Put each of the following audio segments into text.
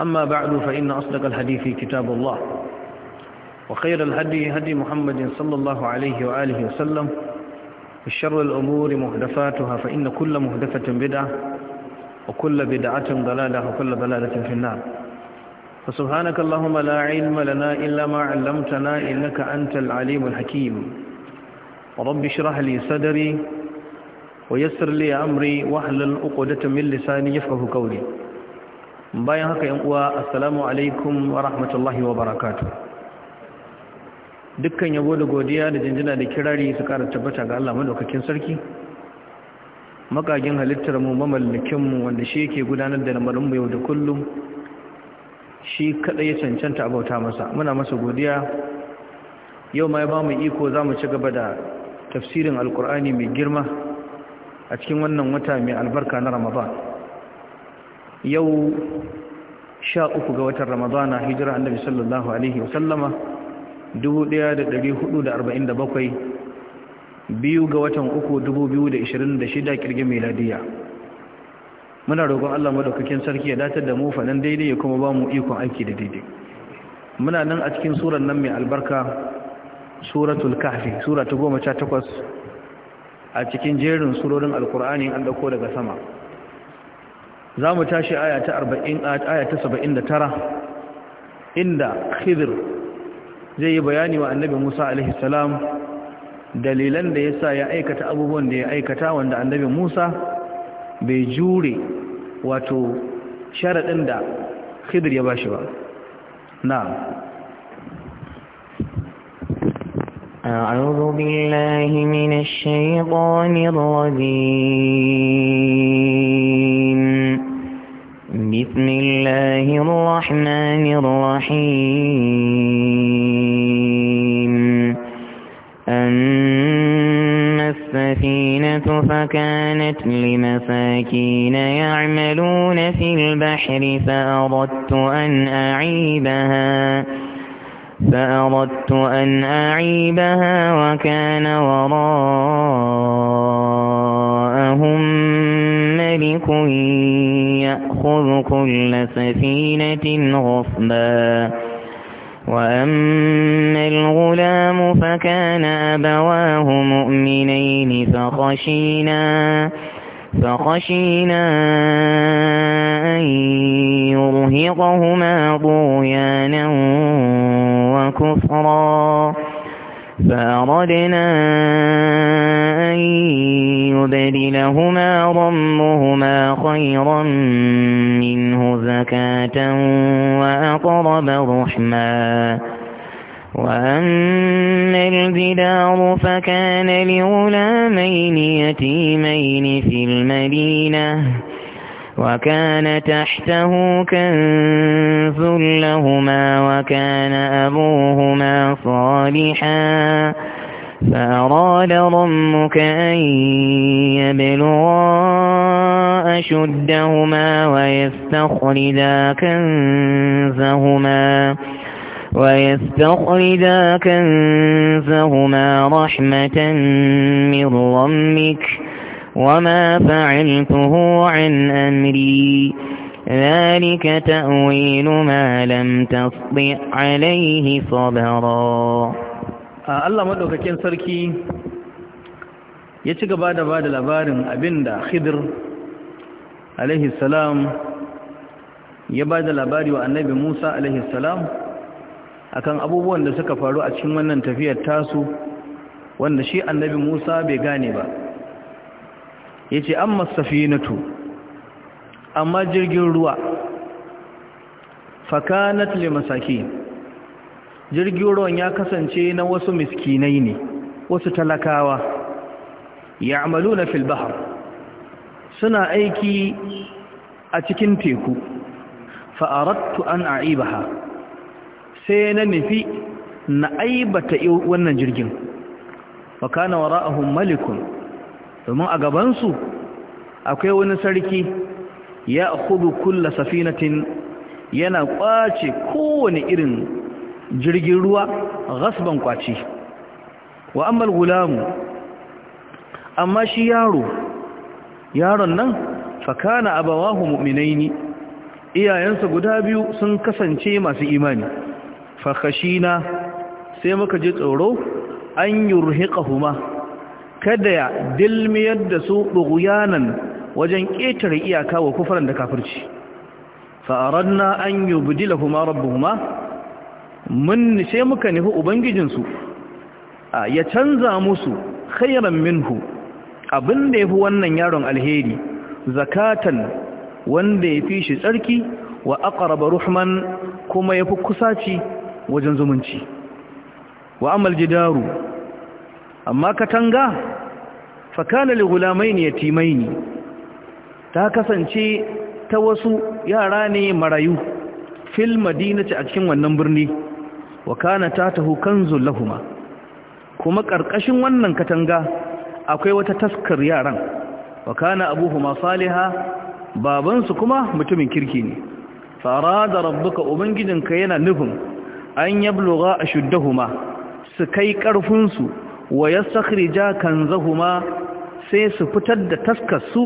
أما بعد فإن أصدق الحديث كتاب الله وخير الهدي هدي محمد صلى الله عليه وآله وسلم الشر الأمور محدثاتها فإن كل محدثة بدعة وكل بدعة ضلالة وكل ضلالة في النار فسبحانك اللهم لا علم لنا إلا ما علمتنا إنك أنت العليم الحكيم ورب اشرح لي صدري ويسر لي أمري واحلل عقدة من لساني يفقه قولي bayan haka yan uwa assalamu alaikum wa rahmatullahi wa barakatu dukkan yabo da godiya da jinjina da kirari su kara tabbata ga Allah madaukakin sarki makagin halittar mu mamallakin mu wanda shi yake gudanar da lamarin mu yau da kullum shi kada ya cancanta abauta masa muna masa godiya yau ma ya ba mu iko zamu ci gaba da tafsirin alkur'ani mai girma a cikin wannan wata mai albarka na ramadan yau sha uku ga watan ramadana hijira annabi sallallahu alaihi wasallama 1447 biyu ga watan uku 2026 kirgin meladiya muna roƙon Allah madaukakin sarki ya datar da mu faɗin daidai ya kuma ba mu ikon aiki da daidai muna nan a cikin surar nan mai albarka suratul kahfi sura ta goma sha takwas a cikin jerin surorin alkur'ani an ɗauko daga sama za mu tashi aya ta 40 aya ta 79 inda khidir zai yi bayani wa annabi Musa alaihi dalilan da ya sa ya aikata abubuwan da ya aikata wanda annabi Musa bai jure wato sharaɗin da khidir ya ba shi ba na أعوذ بالله من الشيطان الرجيم بسم الله الرحمن الرحيم أما السفينة فكانت لمساكين يعملون في البحر فأردت أن أعيبها فأردت أن أعيبها وكان وراءهم مالك يأخذ كل سفينة غصبا وأما الغلام فكان أبواه مؤمنين فخشينا فخشينا أن يرهقهما طغيانا وكفرا فأردنا أن يبدلهما ربهما خيرا منه زكاة وأقرب رحما وأما الجدار فكان لغلامين يتيمين في المدينة وكان تحته كنز لهما وكان أبوهما صالحا فأراد ربك أن يبلغا أشدهما ويستخرجا كنزهما ويستخرجا كنزهما رحمة من ربك وما فعلته عن أمري ذلك تأويل ما لم تصدع عليه صبرا آه، الله مدوك كين سركي يتك بعد بعد الأبارن أبند خضر عليه السلام يبعد الأبار والنبي موسى عليه السلام akan abubuwan da suka faru a cikin wannan tafiyar tasu wanda shi annabi ya ce an masafinatu amma jirgin ruwa fakanat le masaki jirgin ruwan ya kasance na wasu miskinai ne wasu talakawa ya amalu na filbahar suna aiki a cikin teku fa'arattu an a'ibaha sai na nufi na aibata wannan jirgin wa kana malikun domin a gabansu akwai wani sarki ya kudu kulla safinatin yana kwace kowane irin jirgin ruwa gasban kwace wa ammal gulamu amma shi yaro yaron nan fakana abawahu mu'minaini iyayensa guda biyu sun kasance masu imani fakashina sai muka ji tsoro an yurhiqahuma kada ya dilmiyar da su ɗuguyanan wajen ƙetare iyaka wa kufaran da kafirci na an yi budila kuma rabbuhuma mun nishe muka nufi ubangijinsu ya canza musu khairan minhu abin da ya fi wannan yaron alheri zakatan wanda ya fi shi tsarki wa aqraba ruhman kuma ya fi kusaci wajen zumunci wa amal jidaru amma katanga fakana li gulamaini yatimaini ta kasance ta wasu yara ne marayu fil madinati a cikin wannan birni wa kana tahu kanzu lahuma kuma karkashin wannan katanga akwai wata taskar yaran wa kana abuhuma salihah babansu kuma mutumin kirki ne Fara farada rabbuka ubangijinka yana nufin an yabluga ashuddahuma su kai karfin wa kan kanzahuma sai su fitar da taskarsu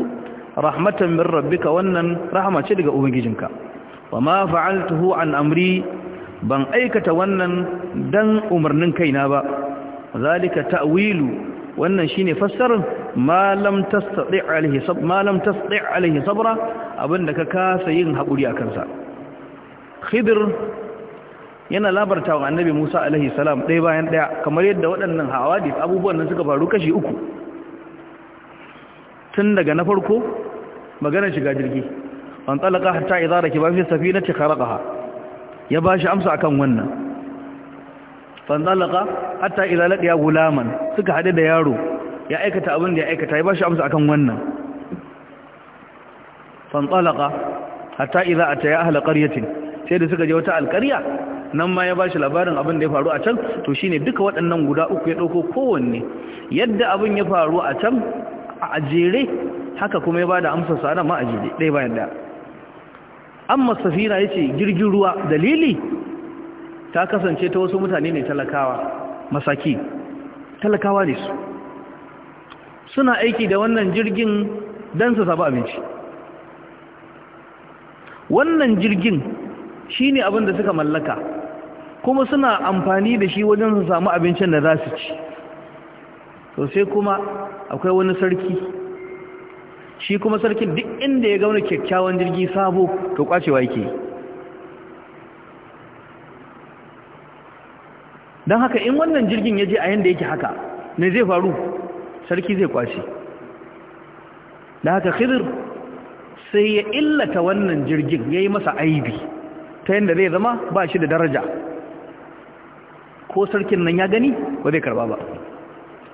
rahmatan min rabbika wannan rahama ce daga ubangijinka wa ma fa'altuhu an amri ban aikata wannan dan umarnin kaina ba zalika ta'wilu wannan shine fassarar ma lam tastati alaihi sab ma lam tastati sabra abinda ka kasa yin hakuri akan sa khidr yana labarta wa annabi Musa alaihi salam ɗaya bayan ɗaya kamar yadda waɗannan hawadis abubuwan nan suka faru kashi uku tun daga na farko maganar shiga jirgi an talaka hatta idza rakiba fi safinati kharaqaha ya bashi amsa akan wannan fan talaka hatta idza laqiya gulaman suka hade da yaro ya aikata abin da ya aikata ya bashi amsa akan wannan fan talaka hatta idza ataya ahla qaryatin sai da suka je wata alqarya nan ma ya ba shi labarin abin da ya faru a can to shine duka waɗannan guda uku ya ɗauko kowanne yadda abin ya faru a can a ajere haka kuma ya ba da amsa sa ma a ɗaya bayan ɗaya amma safina ya ce jirgin ruwa dalili ta kasance ta wasu mutane ne talakawa masaki talakawa ne su suna aiki da wannan jirgin don su sabu abinci wannan jirgin shi ne da suka mallaka kuma suna amfani da shi wajen su samu abincin da za su ci to sai kuma akwai wani sarki shi kuma sarkin duk inda ya gauna kyakkyawan jirgi sabo to kwacewa yake don haka in wannan jirgin ya je a yadda yake haka ne zai faru sarki zai kwace da haka khidir sai ya illata wannan jirgin ya yi masa aibi ta yadda zai zama ba shi da daraja ko sarkin nan ya gani ba zai karba ba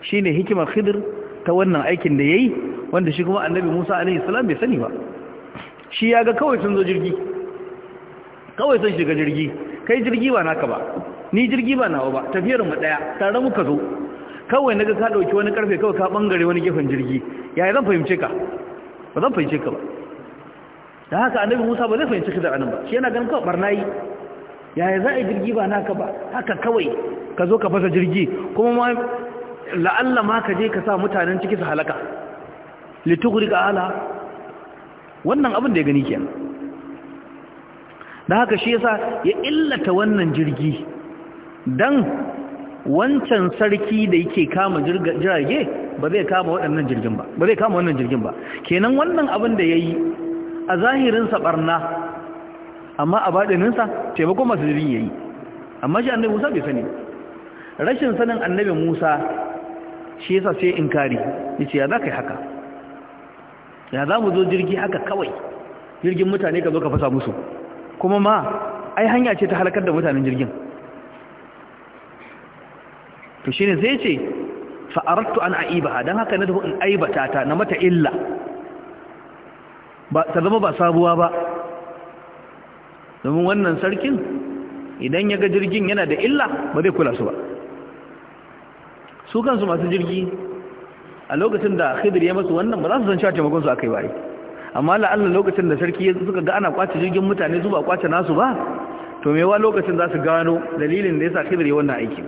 shi ne hikimar khidir ta wannan aikin da ya yi wanda shi kuma annabi musa alaihissalam bai sani ba shi ya ga kawai sun zo jirgi kawai sun shiga jirgi kai jirgi ba naka ba ni jirgi ba nawa ba tafiyar mu daya tare muka zo kawai naga ka dauki wani karfe kawai ka bangare wani gefen jirgi yaya zan fahimce ka ba zan fahimce ka ba da haka annabi musa ba zai fahimci ka anan ba shi yana ganin kawai barnayi yaya za a jirgi ba naka ba haka kawai ka zo ka fasa jirgi kuma ma la'alla ma ka je ka sa mutanen ciki su halaka littukuri ga ala wannan abin da ya gani kenan da haka shi yasa ya illata wannan jirgi dan wancan sarki da yake kama jirage ba zai kama wannan jirgin ba kenan wannan abin da ya yi a zahirinsa ɓarna. amma a baɗininsa taimakon masu jirgin ya yi amma shi annabi musa bai sani rashin sanin annabi musa shi yasa sai in kari ya ce ya za ka yi haka ya za mu zo jirgi haka kawai jirgin mutane ka zo ka fasa musu kuma ma ai hanya ce ta halakar da mutanen jirgin to shi ne zai ce fa'arattu an aibaha don haka na tafi in aibata ta na mata illa ba ta zama ba sabuwa ba domin wannan sarkin idan ya ga jirgin yana da illa ba zai kula su ba su kansu masu jirgi a lokacin da khidir ya masu wannan ba za su san cewa su aka yi ba amma la'alla lokacin da sarki suka ga ana kwace jirgin mutane su ba kwace nasu ba to mewa lokacin za su gano dalilin da ya sa khidir ya wannan aiki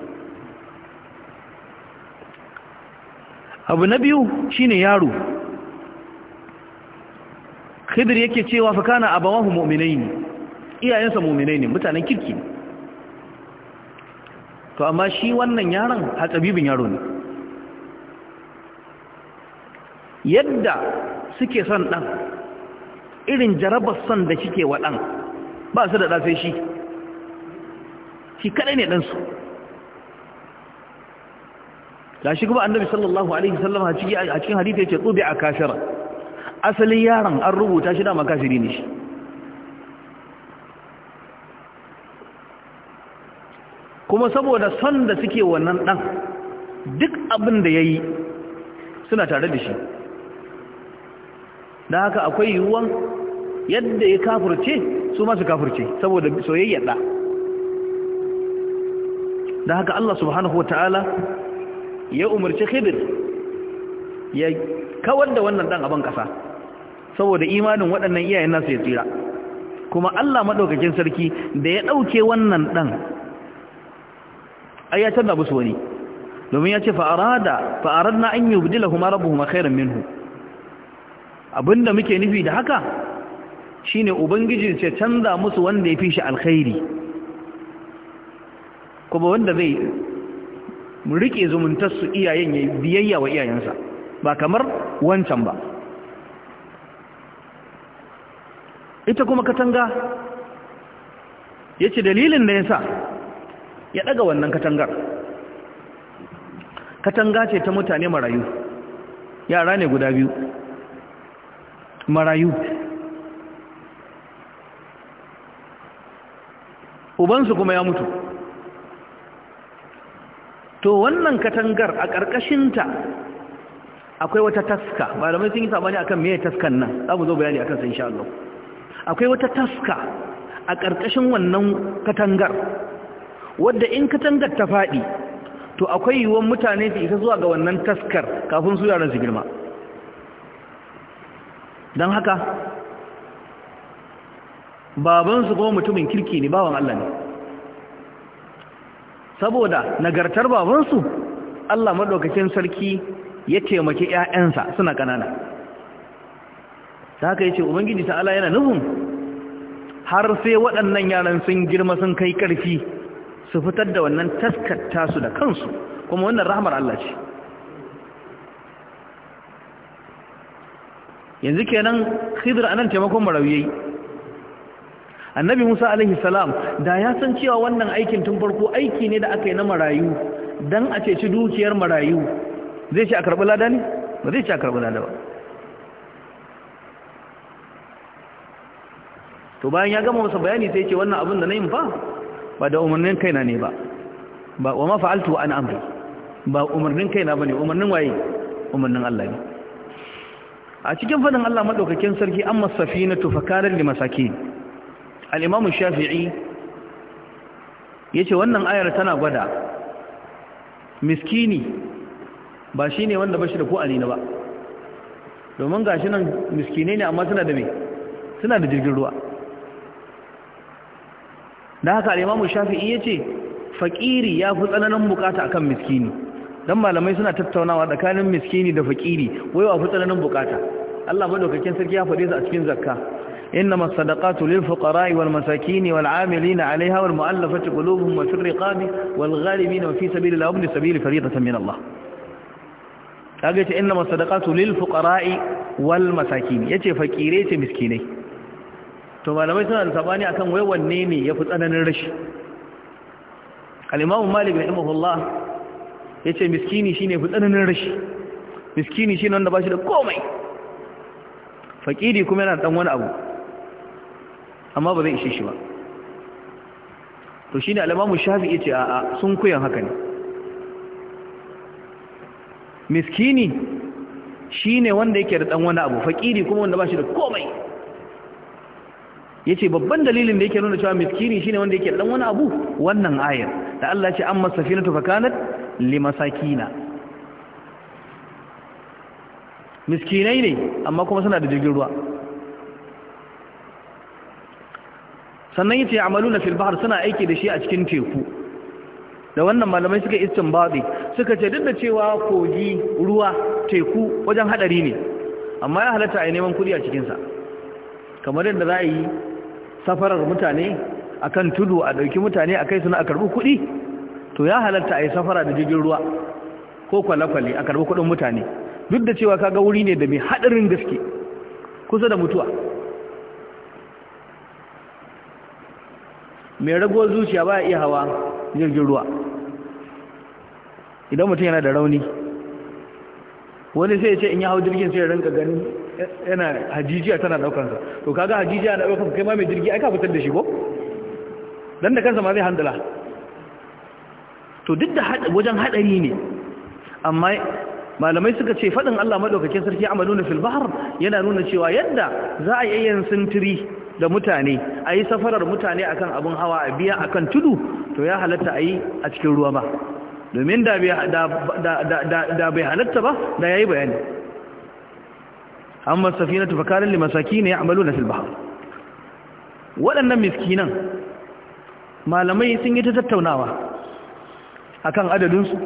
abu na biyu shine yaro khidir yake cewa fa kana abawahu mu'minaini iyayensa muminai ne mutanen kirki ne to amma shi wannan yaron hatsabibin yaro ne yadda suke son ɗan irin jarabar son da suke wa ɗan ba su da ɗafe shi shi kaɗai ne ɗansu da shi kuma annabi sallallahu alaihi sallam a cikin hadita ya ce tsobe a kashara asalin yaron an rubuta shi dama kashiri ne shi kuma saboda son da suke wannan ɗan duk abin da ya yi suna tare da shi da haka akwai yiwuwan yadda ya kafurce su masu kafurce saboda soyayya ɗa da haka Allah subhanahu wa ta'ala ya umarci khidir ya kawar da wannan ɗan abin ƙasa saboda imanin waɗannan iyayen nasu ya tsira kuma Allah maɗaukakin sarki da ya ɗauke wannan ɗan ai ya canza musu wani domin ya ce fa'arada na an yi bidila kuma kuma khairan minhu abinda muke nufi da haka shine ubangiji ce canza musu wanda ya fi shi alkhairi kuma wanda zai riƙe zumuntarsu iyayen ya biyayya wa iyayensa ba kamar wancan ba ita kuma katanga ya ce dalilin da ya sa ya daga wannan katangar katanga ce ta mutane marayu yara ne guda biyu marayu ubansu kuma ya mutu to wannan katangar a ƙarƙashinta akwai wata taska ba da mai sun yi sabani akan meye taskan nan za mu zo bayani akan sun insha Allah akwai wata taska a ƙarƙashin wannan katangar wadda in ka katangar ta faɗi to akwai yiwuwar mutane su isa zuwa ga wannan taskar kafin su yaran su girma don haka babansu kuma mutumin kirki ne bawan Allah ne saboda nagartar babansu Allah maɗaukakin sarki ya taimaki ‘ya'yansa suna ƙanana ta haka ya ce ubangiji ta'ala yana nufin har sai waɗannan yaran sun girma sun kai ƙarfi su fitar da wannan taskata su da kansu kuma wannan rahmar Allah ce yanzu kenan khidr anan taimakon marawiyai annabi Musa alaihi salam da ya san cewa wannan aikin tun farko aiki ne da aka yi na marayu dan a ceci dukiyar marayu zai ce a karɓi lada ne ba zai ce a karɓi lada ba to bayan ya gama masa bayani sai ce wannan abin da na yin fa ba da umarnin kaina ne ba ba wa ma fa'altu an amri ba umarnin kaina bane umarnin waye umarnin Allah ne a cikin fadin Allah madaukakin sarki amma safinatu fakaran limasakin al-imam shafi'i yace wannan ayar tana gwada miskini ba shine wanda bashi da ko alina ba domin gashi nan miskine ne amma suna da me suna da jirgin ruwa da haka al'imamu shafi'i ya ce faƙiri ya fi tsananin bukata akan miskini don malamai suna tattaunawa tsakanin miskini da faƙiri wai wa fi tsananin bukata Allah madaukakin sarki ya faɗe su a cikin zakka إنما الصدقات للفقراء والمساكين والعاملين عليها والمؤلفة قلوبهم وفي الرقاب والغالبين وفي سبيل الله وابن سبيل فريضة من الله قالت إنما الصدقات للفقراء والمساكين يتي فكيري ce مسكيني to malamai suna da sabani akan wai wanne ne yafi tsananin rashi al-imamu malik ya yace miskini shine fi tsananin rashi miskini shine wanda bashi da komai fakiri kuma yana dan wani abu amma ba zai ishe shi ba to shine al-imamu shafi yace a'a sun kuyan haka ne miskini shine wanda yake da dan wani abu fakiri kuma wanda bashi da komai yace babban dalilin da yake nuna cewa miskini shine wanda yake dan wani abu wannan ayar da Allah ya ce amma safinatu fakanat limasakina miskinai ne amma kuma suna da jirgin ruwa sannan yace amaluna fil bahr suna aiki da shi a cikin teku da wannan malamai suka istinbadi suka ce duk da cewa kogi ruwa teku wajen hadari ne amma ya halatta a neman kudi a cikinsa. kamar yadda za a yi safarar mutane akan tudu a ɗauki mutane a kai suna a karɓi kuɗi to ya halatta a yi safara da jirgin ruwa ko kwale-kwale a karɓi kuɗin mutane duk da cewa kaga wuri ne da mai haɗarin gaske kusa da mutuwa mai ragowar zuciya ba iya hawa jirgin ruwa idan mutum yana da rauni wani sai ya ce in ya hau jirgin sai ya rinka gani yana hajijiya tana daukansa to kaga hajijiya na daukansa kai ma mai jirgi aka fitar da shi ko dan da kansa ma zai handala to duk da wajen hadari ne amma malamai suka ce fadin Allah madaukakin sarki na fil bahr yana nuna cewa yadda za a yi yin sintiri da mutane a yi safarar mutane akan abun hawa a biya akan tudu to ya halatta a yi a cikin ruwa ba domin da bai halatta ba da ya yi bayani amma safinatu fakalan limasakin ya'maluna fil bahr waɗannan miskinan malamai sun yi ta tattaunawa akan su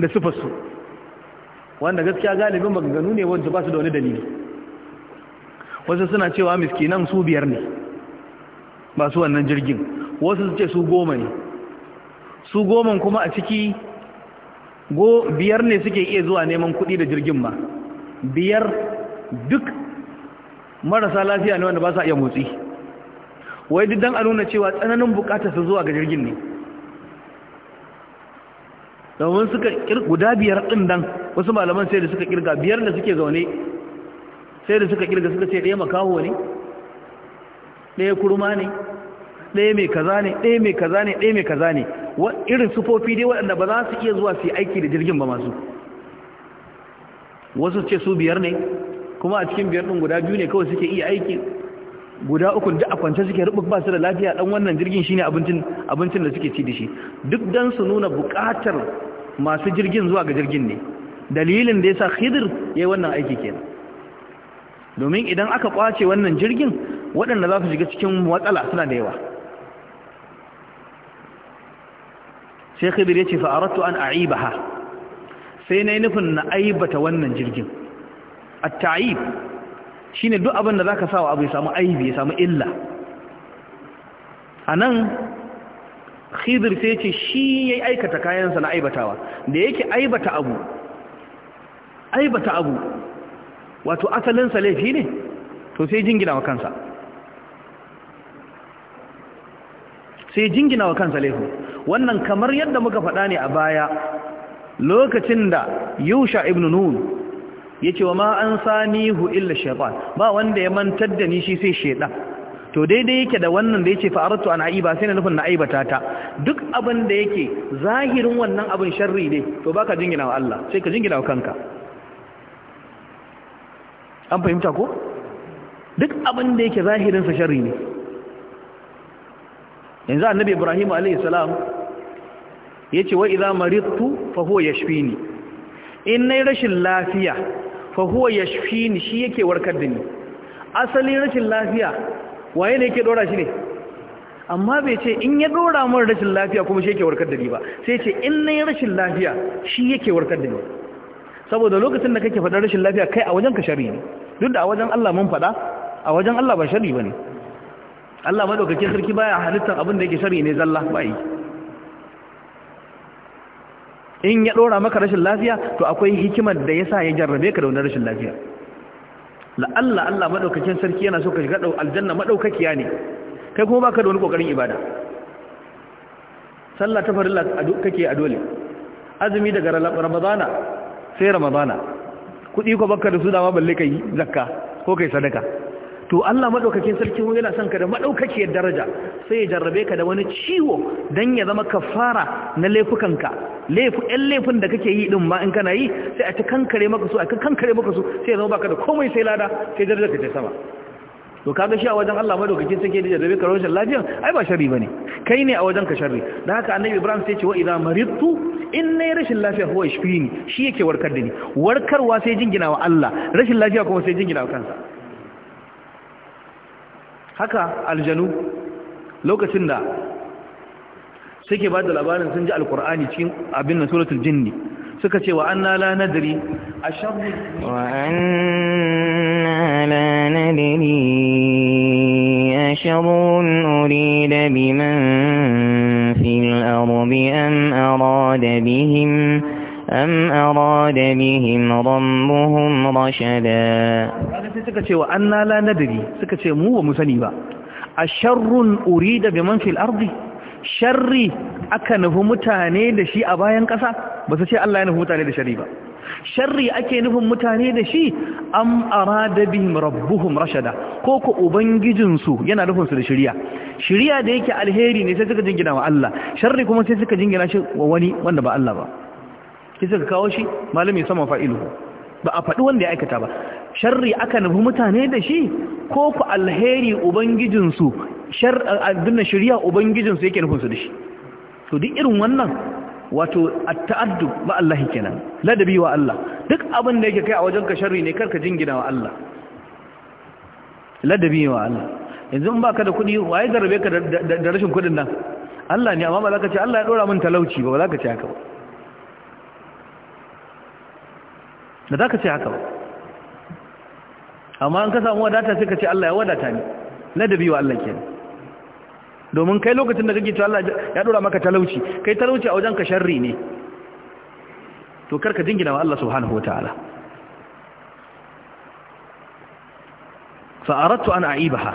da sifarsu wanda gaskiya galibin maganganu ne wanda ba su da wani dalili wasu suna cewa miskinan su biyar ne ba su wannan jirgin wasu su ce su goma ne su goma kuma a ciki biyar ne suke iya zuwa neman kuɗi da jirgin ma biyar duk marasa lafiya ne wanda ba sa iya motsi wai duk dan a nuna cewa tsananin bukata su zuwa ga jirgin ne domin suka guda biyar din dan wasu malaman sai da suka kirga biyar da suke zaune sai da suka kirga suka ce ɗaya makaho ne ɗaya kurma ne ɗaya mai kaza ne ɗaya mai kaza ne ɗaya mai kaza ne irin sufofi dai waɗanda ba za su iya zuwa su yi aiki da jirgin ba masu wasu ce su biyar ne kuma a cikin biyar ɗin guda biyu ne kawai suke iya aiki guda uku da a kwance suke rubuk ba su da lafiya dan wannan jirgin shine abincin abincin da suke ci da shi duk dan su nuna buƙatar masu jirgin zuwa ga jirgin ne dalilin da yasa Khidir yayi wannan aiki kenan domin idan aka kwace wannan jirgin waɗanda za su shiga cikin matsala suna da yawa sai Khidir ya ce fa aradtu an a'ibaha sai na yi nufin na aibata wannan jirgin a ta'ib shi ne duk abinda da za ka sawa abu ya samu aibi ya samu illa a nan khidir sai ce shi ya aikata kayansa na aibatawa da yake aibata abu aibata abu wato asalinsa laifi ne to sai jingina wa kansa sai jingina wa kansa laifin wannan kamar yadda muka faɗa ne a baya lokacin da yusha ibn nun ya ce wa ma an sanihu illa shaitan ba wanda ya mantar da ni shi sai shaitan to daidai yake da wannan da ya ce fa'aratu an aiba sai na nufin na aibata ta duk abin da yake zahirin wannan abin sharri ne to baka jingina wa Allah sai ka jingina wa kanka an fahimta ko duk abin da yake zahirinsa sharri ne yanzu annabi ibrahim alayhi salam yace wa idza maridtu fa huwa yashfini in nay rashin lafiya fa huwa yashfini shi yake warkar da ni asali rashin lafiya waye ne yake dora shi ne amma bai ce in ya dora mun rashin lafiya kuma shi yake warkar da ni ba sai ce in nay rashin lafiya shi yake warkar da ni saboda lokacin da kake faɗar rashin lafiya kai a wajen ka shari ne duk da a wajen Allah mun faɗa a wajen Allah ba shari bane Allah madaukakin sarki baya halittar abin da yake shari ne zalla bai in ya ɗora maka rashin lafiya to akwai hikimar da ya sa ya jarrabe ka da wani rashin lafiya la'alla Allah maɗaukakin sarki yana so ka shiga aljanna maɗaukakiya ne kai kuma baka da wani ƙoƙarin ibada sallah ta farilla kake a dole azumi daga ramadana sai ramadana kuɗi ko baka da su dama balle yi zakka ko kai sadaka to Allah madaukakin sarki yana son ka da madaukakiyar daraja sai ya jarrabe ka da wani ciwo dan ya zama kafara na laifukanka laifu ɗan laifin da kake yi din ma in kana yi sai a ta kankare maka su a ta kankare maka su sai ya zama baka da komai sai lada sai daraja ka ta sama to kaga shi a wajen Allah madaukakin sarki da jarrabe ka rashin lafiya ai ba sharri bane kai ne a wajen ka sharri dan haka annabi Ibrahim sai ya ce wa idza maridtu in nay rashin lafiya huwa yashfini shi yake warkar da ni warkarwa sai jingina wa Allah rashin lafiya kuma sai jingina wa kansa haka aljanu lokacin da suke ba da labarin sun ji alkur'ani cikin abin na suratul jinni suka ce wa anna la nadri ashabu wa anna la nadri asharrun urida biman fil ardi am arada bihim am arada bihim rabbuhum rashada sai suka ce wa anna la nadri suka ce mu ba mu sani ba a sharrun uri da man fil ardi sharri aka nufi mutane da shi a bayan ƙasa ba su ce Allah ya nufi mutane da shari ba sharri ake nufin mutane da shi am arada bihim rabbuhum rashada ko ku ubangijinsu yana nufin su da shirya shirya da yake alheri ne sai suka jingina wa Allah sharri kuma sai suka jingina shi wa wani wanda ba Allah ba Ki suka kawo shi malami sama fa'iluhu ba a faɗi wanda ya aikata ba sharri aka nufi mutane da shi ko ku alheri ubangijinsu abinda shirya ubangijinsu yake nufinsu da shi to duk irin wannan wato a ta'addu ba Allah kenan ladabi wa Allah duk abin da yake kai a wajenka sharri ne karka jingina wa Allah ladabi wa Allah yanzu in baka da kuɗi waye garbe ka da rashin kuɗin nan Allah ne amma ba za ka ce Allah ya ɗora min talauci ba ba za ka ce haka ba da za ka ce haka ba amma an ka samu wadata sai ka ce Allah ya wadata ne ladabi biyu Allah ne. domin kai lokacin da kake cewa Allah ya dora maka talauci kai talauci a wajen ka sharri ne to karka jingina wa Allah subhanahu wataala fa aradtu an aibaha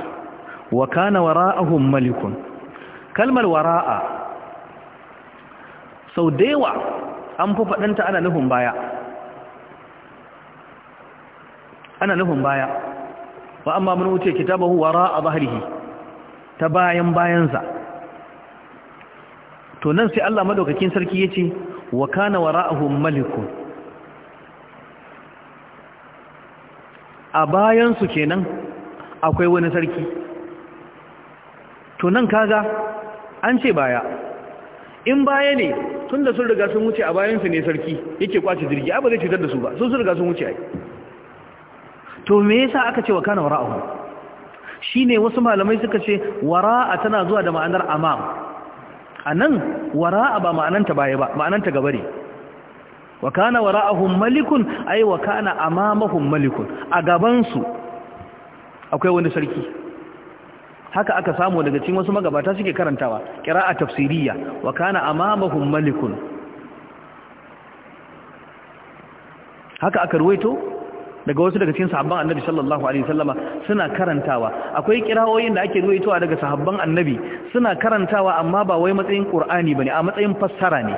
wa kana wara'ahum malikun kalmar wara'a sau dewa an fa fadanta ana nufin baya ana nufin baya wa amma mun wuce kitabahu wara a bahrihi ta bayan bayansa to nan sai Allah madaukakin sarki yace wa kana wara'ahum malikun a bayansu kenan akwai wani sarki to nan kaga an ce baya in baya ne tun da sun riga sun wuce a bayansu ne sarki yake kwace jirgi abu zai cutar da su ba sun riga sun wuce ai to me yasa aka ce wa kana wara'ahu shine wasu malamai suka ce wara'a tana zuwa da ma'anar amam anan wara'a ba ma'ananta baya ba ma'ananta ne wa kana wara'ahum malikun ay wa kana amamahum malikun a gaban su akwai wani sarki haka aka samu daga cikin wasu magabata suke karantawa qira'a tafsiriyya wa kana amamahum malikun haka aka ruwaito daga wasu daga cikin sahabban annabi sallallahu alaihi wasallama suna karantawa akwai kirawoyin da ake ruwaitowa daga sahabban annabi suna karantawa amma ba wai matsayin qur'ani bane a matsayin fassara ne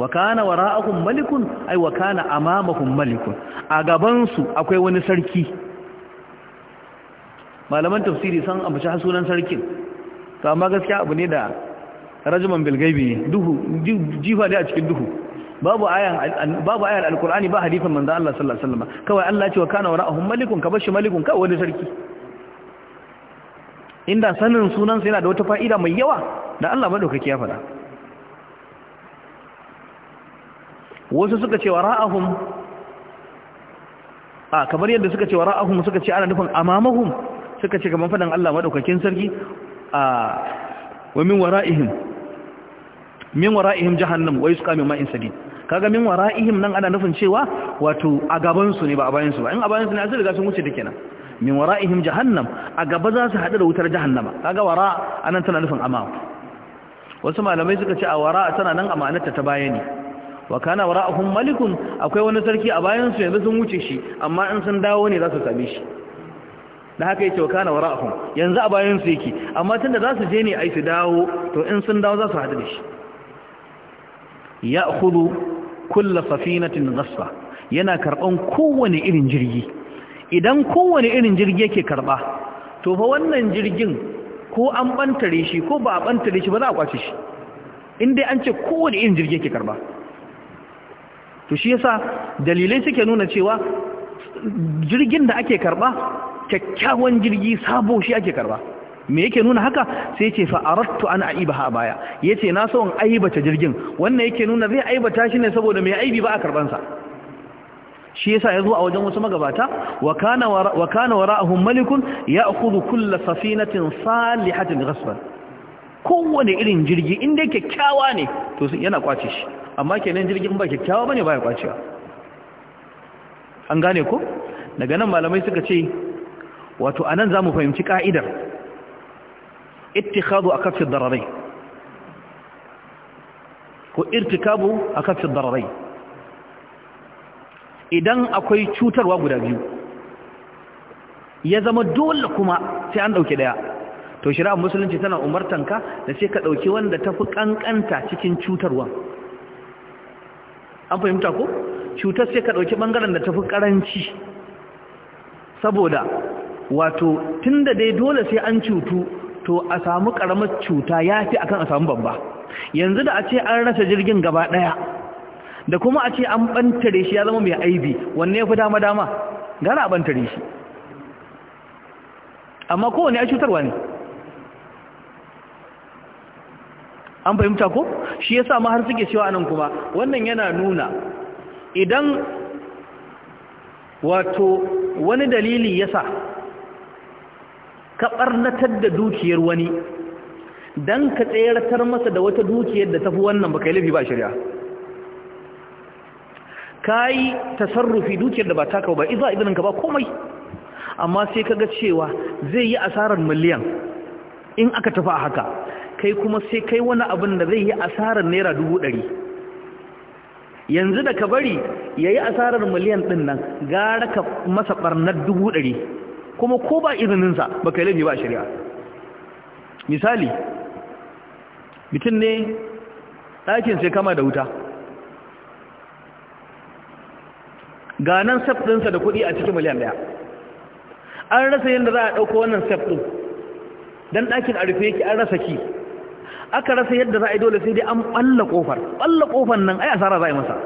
wa kana wara'ahum malikun ay wa kana amamahum malikun a gaban su akwai wani sarki malaman tafsiri san ambaci sunan sarkin to amma gaskiya abu ne da rajuman bilgaibi duhu jifa ne a cikin duhu babu ayan babu ayan alqur'ani ba hadisin manzo Allah sallallahu alaihi wasallam kawai Allah ya ce wa kana wara'ahum malikun ka bashi malikun kawai wani sarki inda sanin sunansa yana da wata fa'ida mai yawa da Allah madaukaki ya faɗa wasu suka ce ra'ahun, a kamar yadda suka ce ra'ahun suka ce ana nufin amamahum suka ce gaban faɗin Allah madaukakin sarki a wa min wara'ihim min wara'ihim jahannam wa yusqa min ma'in sadid kaga min wara'ihim nan ana nufin cewa wato a gaban su ne ba a bayan su ba in a bayan su ne a riga sun wuce da kenan min wara'ihim jahannam a gaba za su haɗu da wutar jahannama kaga wara anan tana nufin amma wasu malamai suka ce a wara tana nan amanarta ta baya ne wa kana wara'ahum malikun akwai wani sarki a bayan su yanzu sun wuce shi amma in sun dawo ne za su same shi da haka yake wa kana wara'ahum yanzu a bayan su yake amma tunda za su je ne ai su dawo to in sun dawo za su haɗu da shi ya'khudhu kulla safinatin ghasba yana karban kowane irin jirgi idan kowane irin jirgi yake karba to fa wannan jirgin ko an bantare shi ko ba a bantare shi ba za a kwace shi in dai an ce kowane irin jirgi yake karba to shi yasa dalilai suke nuna cewa jirgin da ake karba kyakkyawan jirgi sabo shi ake karba me yake nuna haka sai ce fa aradtu an aibaha a baya yace na so in aibata jirgin wannan yake nuna zai aibata shi ne saboda mai aibi ba a karban sa shi yasa yazo a wajen wasu magabata wa kana wa kana wara'ahum malikun ya'khudhu kull safinatin salihatin ghasban kowane irin jirgi inda kyakkyawa ne to yana kwace shi amma kenan jirgin ba kyakkyawa bane baya kwacewa an gane ko daga nan malamai suka ce wato a anan zamu fahimci ka'idar ittikhadu akaffi الضررين ko irtikabu akaffi rai, idan akwai cutarwa guda biyu ya zama dole kuma sai an dauke daya to shari'ar musulunci tana umartanka da sai ka dauki wanda ta fi kankanta cikin cutarwa an fahimta ko cutar sai ka dauki bangaren da ta fi karanci saboda wato tunda dai dole sai an cutu to a samu karamar cuta ya fi akan a samu babba yanzu da a ce an rasa jirgin gaba daya da kuma a ce an bantare shi ya zama mai aibi wanne ya fi dama dama gara a bantare shi amma kowane ya cutarwa ne an fahimta ko shi ya sa ma har suke cewa nan kuma wannan yana nuna idan wato wani dalili ya sa ka ɓarnatar da dukiyar wani don ka tseratar masa da wata dukiyar da tafi wannan baka yi laifi ba shari'a ka yi tasarrufi dukiyar da ba ta kawo ba iza ka ba komai amma sai ka ga cewa zai yi asarar miliyan in aka tafi a haka kai kuma sai kai wani abin da zai yi asarar naira dubu ɗari yanzu da ka bari ya yi asarar miliyan ɗin nan gara ka masa ɓarnar dubu ɗari kuma ko ba izininsa ba kai laifi ba shari'a misali mutum ne ɗakin sai kama da wuta ga nan sef sa da kuɗi a cikin miliyan ɗaya an rasa yadda za a ɗauko wannan sef ɗin don ɗakin a rufe yake an rasa ki aka rasa yadda za a yi dole sai dai an ɓalla ƙofar ɓalla ƙofar nan ai asara za a yi masa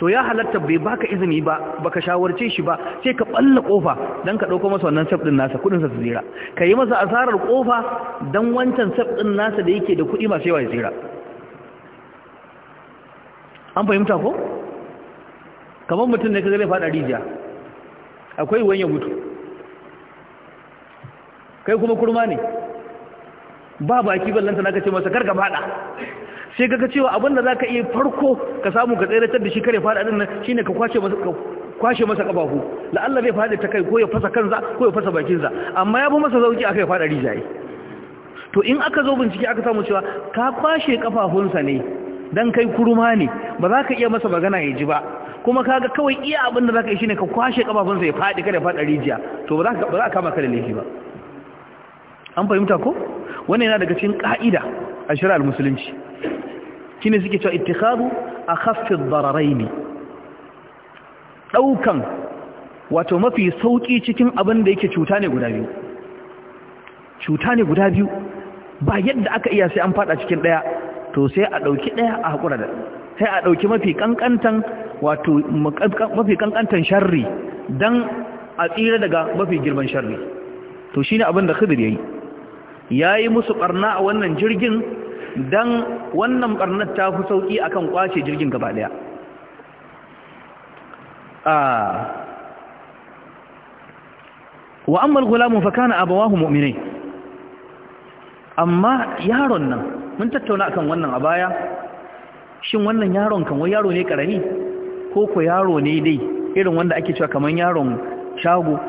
to ya halatta bai baka izini ba baka shawarce shi ba sai ka balla kofa dan ka dauko masa wannan sabdin nasa kudin sa zira ka yi masa asarar kofa dan wancan sabdin nasa da yake da kudi masu yawa ya zira an fahimta ko kamar mutum ne ka zai fada rijiya akwai wani ya mutu kai kuma kurma ne ba baki ballanta naka ce masa karka fada sai kaga cewa abin da zaka iya farko ka samu ka tsayar da shi kare fada din nan shine ka kwace masa kwashe masa kafafu la'alla zai fada ta kai ko ya fasa kansa ko ya fasa bakinsa amma ya fi masa zauki akai ya fada rijaye to in aka zo bincike aka samu cewa ka kwashe kafafunsa ne dan kai kuruma ne ba za ka iya masa magana ya ji ba kuma kaga kawai iya abin da za ka yi shine ka kwashe kafafunsa ya fadi kare ya fada rijiya to ba za ka kama ka kare laifi ba an fahimta ko wannan yana daga cikin ka'ida a shari'ar musulunci kine suke cewa ittikhadu akhaffi ad-dararayn daukan wato mafi sauki cikin abin da yake cuta ne guda biyu cuta ne guda biyu ba yadda aka iya sai an fada cikin ɗaya. to sai a ɗauki daya a hakura da sai a dauki mafi ƙanƙantan wato mafi sharri dan a tsira daga mafi girman sharri to shine abin da Khidir yayi ya yi musu ɓarna a wannan jirgin don wannan ɓarnar ta fi sauƙi a kan ƙwace jirgin gaba ɗaya ah. wa mun gulamun fa kana abawahu mu'minai amma yaron nan mun tattauna akan wannan a baya shin wannan yaron kan wai yaro ne ƙarami, ko ku yaro ne dai irin wanda ake cewa kamar yaron shago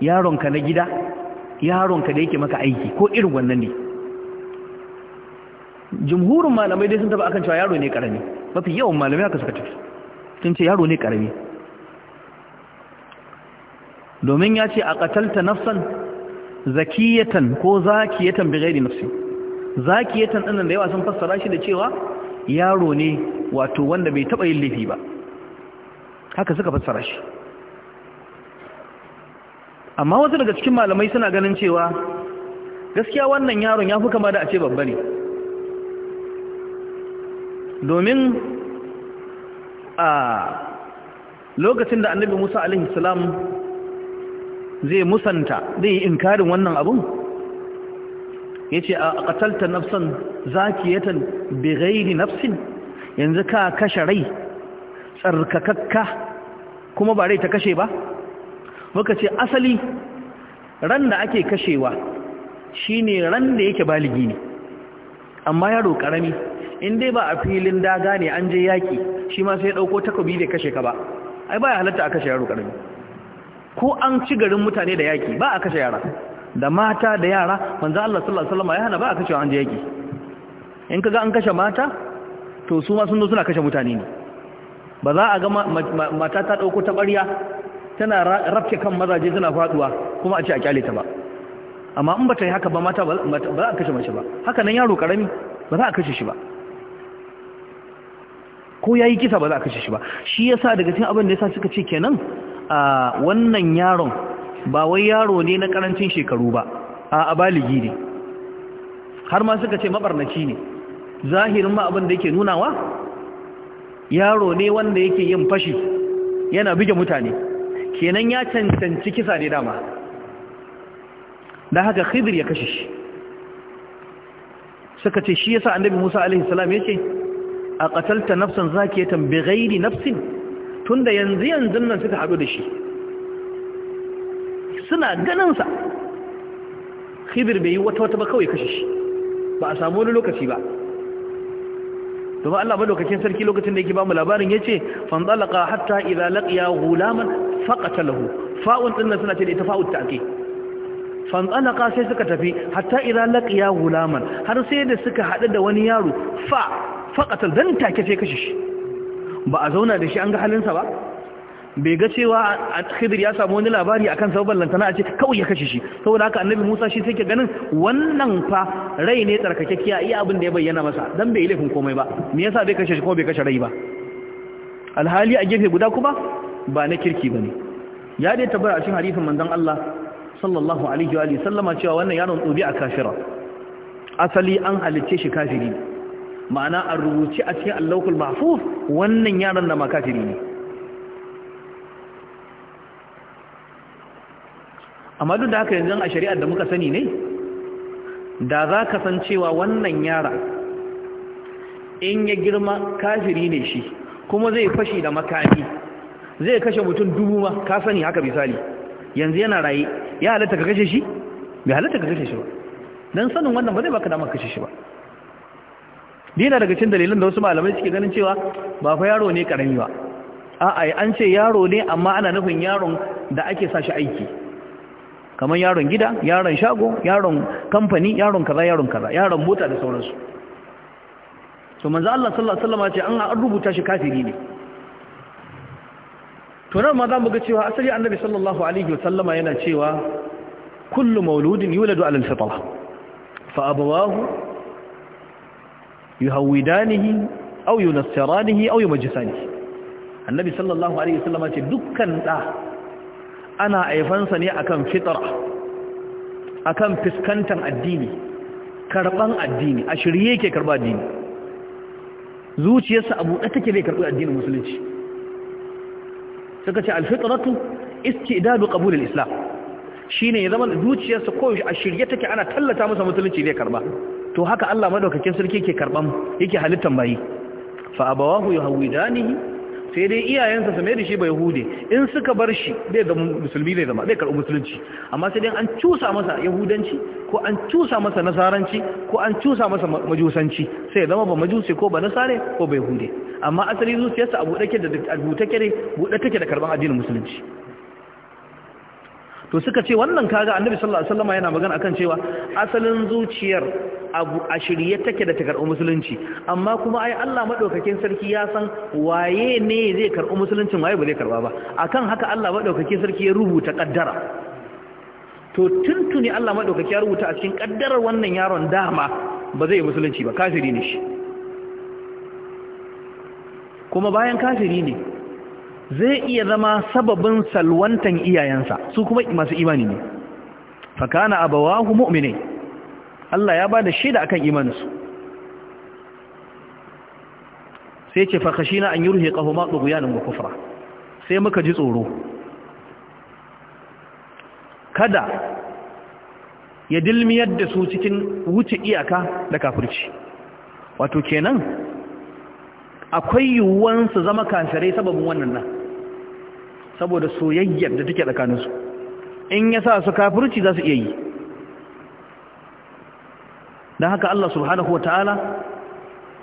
yaronka na gida yaronka da yake maka aiki ko irin wannan ne jumhurin malamai dai sun taba akan cewa yaro ne karami mafi yawan malamai haka suka tafi sun ce yaro ne karami domin ya ce a katalta nafsan zakiyatan ko zakiyatan bi gairi nafsi zakiyatan ɗin da yawa sun fassara shi da cewa yaro ne wato wanda bai taba yin laifi ba haka suka fassara shi amma wasu daga cikin malamai suna ganin cewa gaskiya wannan yaron ya fi kama da a ce babba ne domin a lokacin da annabi musa alaihi zai musanta zai yi inkarin wannan abun ya ce a ƙatalta nafsan zakiyatan bighairi nafsin yanzu ka kashe rai tsarkakakka kuma ba rai ta kashe ba muka ce asali ran da ake kashewa shine ran da yake baligi ne amma yaro karami in dai ba a filin daga ne an je yaki shi ma sai dauko takobi da kashe ka ba ai ba ya halatta a kashe yaro karami ko an ci garin mutane da yaki ba a kashe yara da mata da yara manzo Allah sallallahu alaihi wasallam ya hana ba a kashe an je yaki in kaga an kashe mata to su ma sun zo suna kashe mutane ne ba za a ga mata ta dauko ta ɓarya tana rafke kan mazaje tana faduwa kuma a ce a kyale ta ba amma in bata yi haka ba mata ba za a kashe mace ba haka nan yaro karami ba za a kashe shi ba ko ya yi kisa ba za a kashe shi ba shi ya sa daga cikin abin da ya sa suka ce kenan a wannan yaron ba wai yaro ne na karancin shekaru ba a baligi ne har ma suka ce mabarnaci ne zahirin ma abin da yake nunawa yaro ne wanda yake yin fashi yana bige mutane kenan ya cancanci kisa ne dama da haka khidir ya kashe shi suka ce shi yasa annabi Musa alaihi salam yace a qatalta nafsan zakiyatan bighairi nafsin tunda yanzu yanzu nan suka hadu da shi suna ganin sa khidir bai yi wata wata ba kawai kashe shi ba a samu wani lokaci ba domin Allah madaukakin sarki lokacin da yake ba mu labarin yace fanzalaqa hatta idza laqiya ghulaman faqatalahu fa'un din suna ce da ita fa'u ta'qi fanzalaqa sai suka tafi hatta idza laqiya ghulaman har sai da suka hadu da wani yaro fa faqatal dan take sai kashe shi ba a zauna da shi an ga halinsa ba bai ga cewa khidir ya samu wani labari akan sabon lantana a ce kawai ya kashe shi saboda haka annabi musa shi take ganin wannan fa rai ne tsarkakekkiya iya abin da ya bayyana masa dan bai laifin komai ba me yasa bai kashe shi ko bai kashe rai ba alhali a gefe guda kuma ba na kirki bane ya dai tabbara a cikin hadisin manzon Allah sallallahu alaihi wa sallama cewa wannan yaron tsubi a kafira asali an halicce shi kafiri ma'ana a rubuce a cikin allahul mahfuz wannan yaron na ma ne amma duk da haka yanzu a shari'ar da muka sani ne da za ka san cewa wannan yara in ya girma kafiri ne shi kuma zai fashi da makami zai kashe mutum dubu ma ka sani haka misali yanzu yana raye ya halatta ka kashe shi bai halatta ka kashe shi ba don sanin wannan ba zai baka damar kashe shi ba dina daga cin dalilin da wasu malamai suke ganin cewa ba fa yaro ne karami ba a'a an ce yaro ne amma ana nufin yaron da ake sa shi aiki kamar yaron gida yaron shago yaron kamfani yaron kaza yaron kaza yaron mota da sauransu to manzo Allah sallallahu alaihi wasallam ce an rubuta shi kafiri ne to nan ma za mu ga cewa asali annabi sallallahu alaihi wasallama yana cewa kullu mauludin yuladu ala al-fitra fa abawahu yuhawidanihi aw yunassiranihi aw yumajisanihi annabi sallallahu alaihi wasallama ce dukkan da ana aifansa ne akan fitar akan fiskantar addini karban addini a shirye yake karba addini zuciyarsa abu da take zai karbi addinin musulunci suka ce alfitratu istidadu qabul alislam shine ya zama zuciyarsa koyaushe a shirye take ana tallata masa musulunci zai karba to haka Allah madaukakin sarki yake karban yake halittan bayi fa abawahu yuhawidanihi sai dai iyayensa su mai da shi bai hude in suka bar shi zai ga musulmi zai zama karɓi musulunci amma sai dai an cusa masa yahudanci ko an cusa masa nasaranci ko an cusa masa majusanci sai ya zama ba majusi ko ba nasare ko bai hude amma asali zuciyarsa a buɗe take da buɗe take da karɓar addinin musulunci to suka ce wannan kaga annabi sallallahu alaihi wasallam yana magana akan cewa asalin zuciyar abu a shirye take da ta karɓi musulunci amma kuma ai Allah madaukakin sarki ya san waye ne zai karɓi musuluncin waye ba zai karɓa ba akan haka Allah madaukakin sarki ya rubuta kaddara to tuntuni Allah madaukakin ya rubuta a cikin kaddarar wannan yaron dama ba zai musulunci ba kafiri ne shi kuma bayan kafiri ne zai iya zama sababin salwantan iyayensa su kuma masu imani ne fakana abawahu muminai Allah ya bada shaida akan imaninsu sai ce fakashina an yurhe kahuma duguyanin wa kufra sai muka ji tsoro kada ya dilmiyar da su cikin wuce iyaka da kafirci wato kenan akwai yiwuwan su zama kafirai sababin wannan nan saboda soyayyar da take tsakaninsu in ya sa su kafirci za su iya yi don haka Allah subhanahu wa ta'ala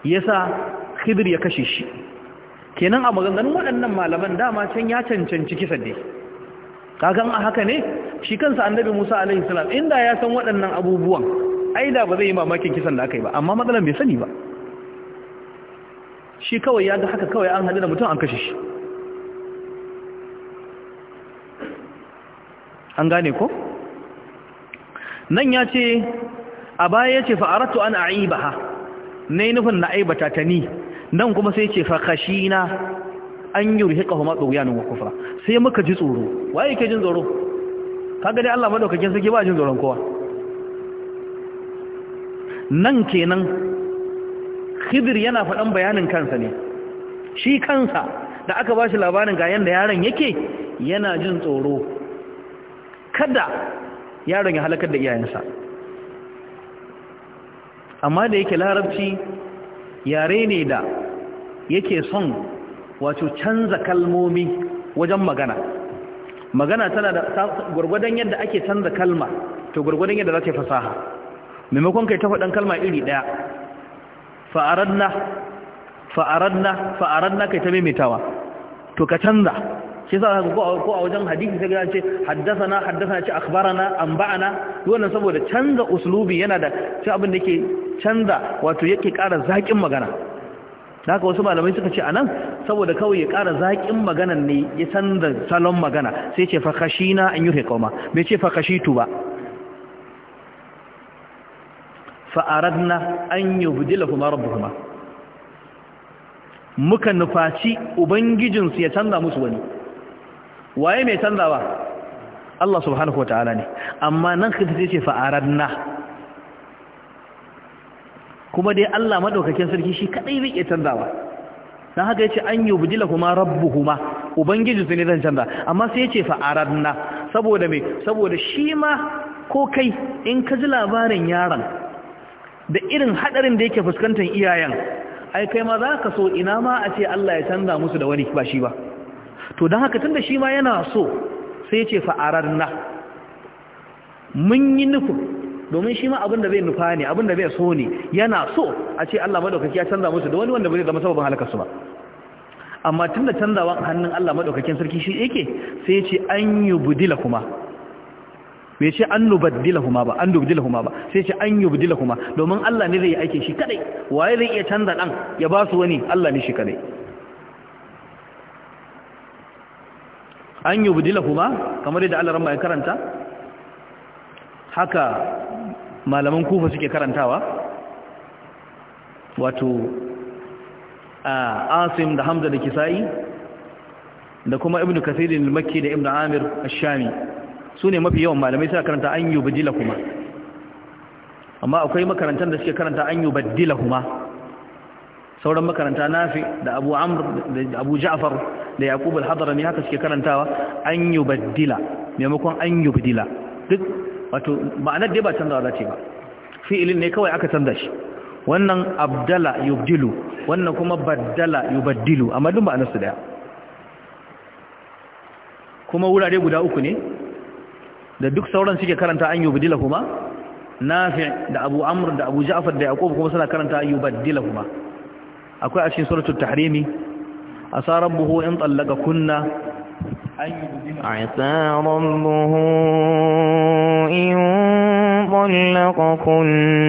ya sa khidir ya kashe shi kenan a maganganun waɗannan malaman dama can ya cancanci kisa dai kakan a haka ne shi kansa annabi musa alaihissalam inda ya san waɗannan abubuwan ai da ba zai yi mamakin kisan da aka yi ba amma matsalan bai sani ba shi kawai ya ga haka kawai an haɗu da mutum an kashe shi an gane ko nan ya ce a baya ya ce fa'aratu an aiba ha na yi nufin na aibata ta ni nan kuma sai ce fakashi na an yi rihika kuma nan wakufa sai muka ji tsoro waye ke jin tsoro ka dai Allah madaukakin suke ba jin tsoron kowa nan kenan khidir yana faɗan bayanin kansa ne shi kansa da aka ba shi labarin ga yadda yaron yake yana jin tsoro kada yaron ya halakar da iyayensa amma da yake larabci yare ne da yake son wato canza kalmomi wajen magana magana tana da gwargwadon yadda ake canza kalma to gwargwadon yadda za ta fasaha maimakon kai ta faɗan kalma iri ɗaya fa'aranna fa'aranna fa'aranna kai ta maimaitawa to ka canza shi sa ko a wajen hadisi sai ga ce haddasana haddasana ce akhbarana anba'ana wannan saboda canza uslubi yana da shi abin da yake canza wato yake ƙara zaƙin magana haka wasu malamai suka ce anan saboda kawai ya ƙara zaƙin maganan ne ya canza salon magana sai ce na an yi hekoma bai ce tu ba fa'aradna an yubdilahuma kuma muka nufaci ubangijinsu ya canza musu wani waye mai canzawa Allah subhanahu wa ta'ala ne amma nan kitace ce fa'aradna kuma dai Allah madaukakin sarki shi kadai zai iya ba dan haka yace an yubdilahuma kuma ubangijinsu ne zan canza amma sai ce fa'aradna saboda me saboda shi ma ko kai in ka ji labarin yaron da irin hadarin da yake fuskantar iyayen ai kai ma za ka so ina ma a ce Allah ya canza musu da wani ba shi ba to don haka tunda shi ma yana so sai ce fa'arar na mun yi nufin domin shi ma abin da bai nufa ne abin da bai so ne yana so a ce Allah maɗaukaki ya canza musu da wani wanda bai zama sababin su ba amma tun da canzawan hannun Allah maɗaukakin sarki shi yake sai ce an yi budila kuma bai ce an nubaddilahuma ba an nubaddilahuma ba sai ce an yubaddilahuma domin Allah ne zai yi aikin shi kadai waye zai iya canza dan ya ba su wani Allah ne shi kadai an yubaddilahuma kamar yadda Allah ya karanta haka malaman kufa suke karantawa wato asim da hamza da kisai da kuma ibnu kathirin al-makki da ibnu amir ash-shami su ne mafi yawan malamai suna karanta an yi bujila kuma amma akwai makarantar da suke karanta an yi baddila kuma sauran makaranta nafi da abu amr da abu ja'afar da yaqub al-hadrami haka suke karantawa an yi baddila maimakon an yi bujila duk wato ma'anar dai ba canza za ce ba fi'ilin ne kawai aka canza shi wannan abdala yubdilu wannan kuma Badala yubaddilu amma duk ma'anar su daya kuma wurare guda uku ne da duk sauran suke karanta an dila kuma nafi' da abu amr da abu ja'afar da yaqub kuma suna karanta an yubdila kuma akwai a cikin suratul tahrimi asa rabbuhu in tsallaka kunna an yubdila asa rabbuhu in tallaka kunna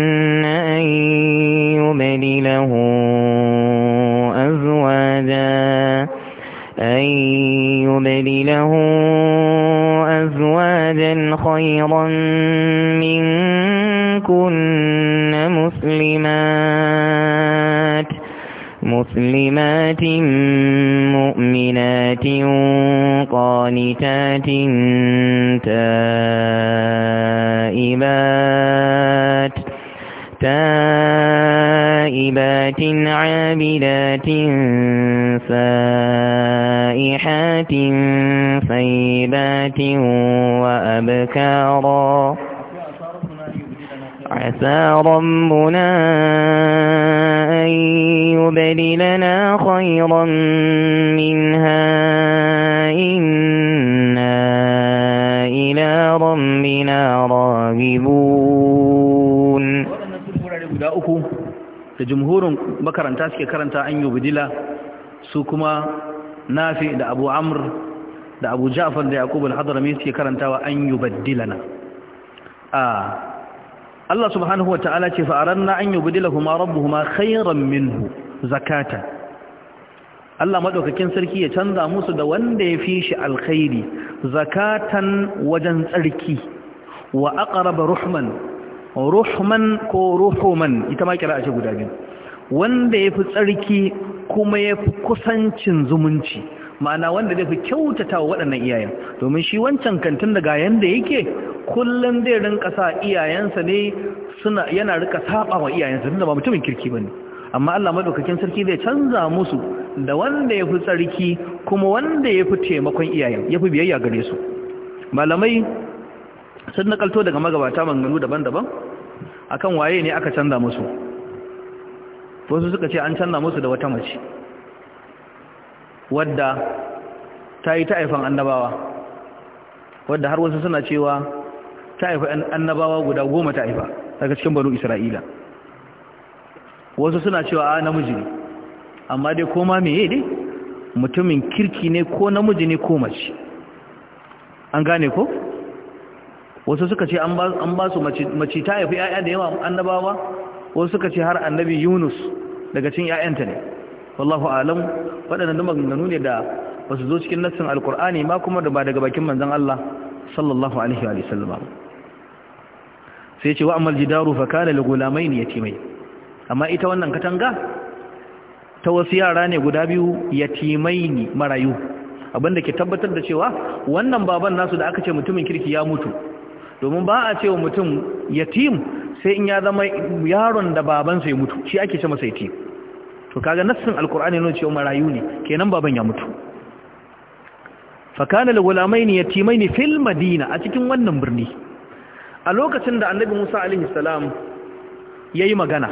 da jumhurin makaranta suke karanta an yi bidila su kuma nafi da abu amr da abu ja'far da yaqub al-hadrami suke karantawa an yubaddilana a Allah subhanahu wa ta'ala ce fa na an yubdilahuma kuma khayran minhu zakata Allah madaukakin sarki ya canza musu da wanda ya fi shi alkhairi zakatan wajen tsarki wa aqrab ruhman ruhman ko ruhuman ita ma kira a ce guda biyu wanda ya fi tsarki kuma ya fi kusancin zumunci ma'ana wanda zai fi kyautata wa waɗannan iyayen domin shi wancan kantin daga yanda yake kullum zai rinka sa iyayensa ne suna yana rika saba wa iyayensa tunda ba mutumin kirki bane amma Allah madaukakin sarki zai canza musu da wanda yafi tsarki kuma wanda yafi taimakon iyayen yafi biyayya gare su malamai sun nakalto daga magabata manganu daban-daban akan waye ne aka canza musu wasu suka ce an canza musu da wata mace wadda ta yi ta aifan annabawa wadda har wasu suna cewa ta aifa annabawa guda goma ta aifa daga cikin banu isra'ila wasu suna cewa a namiji ne amma dai koma mai dai mutumin kirki ne ko namiji ne ko mace an gane ko wasu suka ce an ba su mace ta haifi ‘ya'ya da yawa annabawa wasu suka ce har annabi yunus daga cin ‘ya'yanta ne wallahu alam waɗannan maganganu ne da ba su zo cikin nassin alkur'ani ma kuma da ba daga bakin manzan Allah sallallahu alaihi wa sallam sai ce wa amal jidaru fa kana li gulamain yatimai amma ita wannan katanga ta wasu yara ne guda biyu yatimai ne marayu abinda ke tabbatar da cewa wannan baban nasu da aka ce mutumin kirki ya mutu domin ba a ce wa mutum yatim sai in ya zama yaron da babansa ya mutu shi ake ce masa yatim to kaga nassin alkur'ani ne cewa marayu ne kenan baban ya mutu fa kana al-gulamain yatimain fil madina a cikin wannan birni a lokacin da annabi Musa alaihi salam yayi magana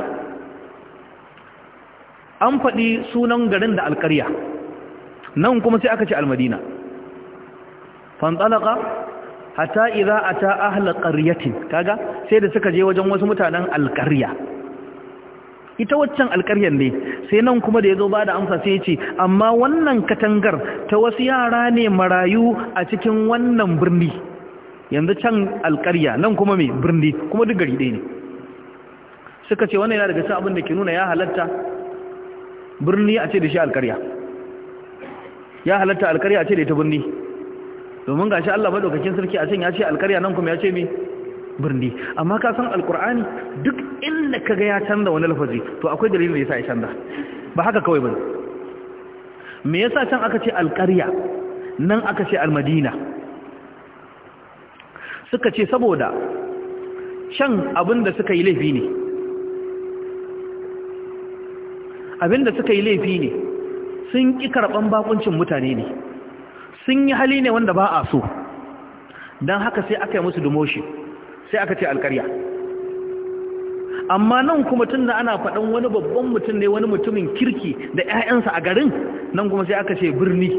an faɗi sunan garin da alƙarya nan kuma sai aka ce almadina. madina hatta idza ata ahla qaryatin kaga sai da suka je wajen wasu mutanen alqarya ita waccan alqaryan ne sai nan kuma da ya zo ba da amsa sai ce amma wannan katangar ta wasu yara ne marayu a cikin wannan birni yanzu can alqarya nan kuma me birni kuma duk gari ɗaya ne suka ce wannan yana daga cikin abin da ke nuna ya halatta birni a ce da shi alqarya ya halatta alqarya a ce da ita birni domin ga shi Allah madaukakin sarki a can ya ce alƙarya nan kuma ya ce me birni amma ka san alƙur'ani duk inda ga ya canza wani lafazi to akwai dalilin da yasa ya canza ba haka kawai bane me yasa can aka ce alƙarya nan aka ce almadina suka ce saboda shan abin da suka yi laifi ne abin suka yi laifi ne sun ƙi karɓan bakuncin mutane ne sun yi hali ne wanda ba a so don haka sai aka yi musu dumoshi sai aka ce alkarya amma nan kuma tun da ana faɗan wani babban mutum ne wani mutumin kirki da 'ya'yansa a garin nan kuma sai aka ce birni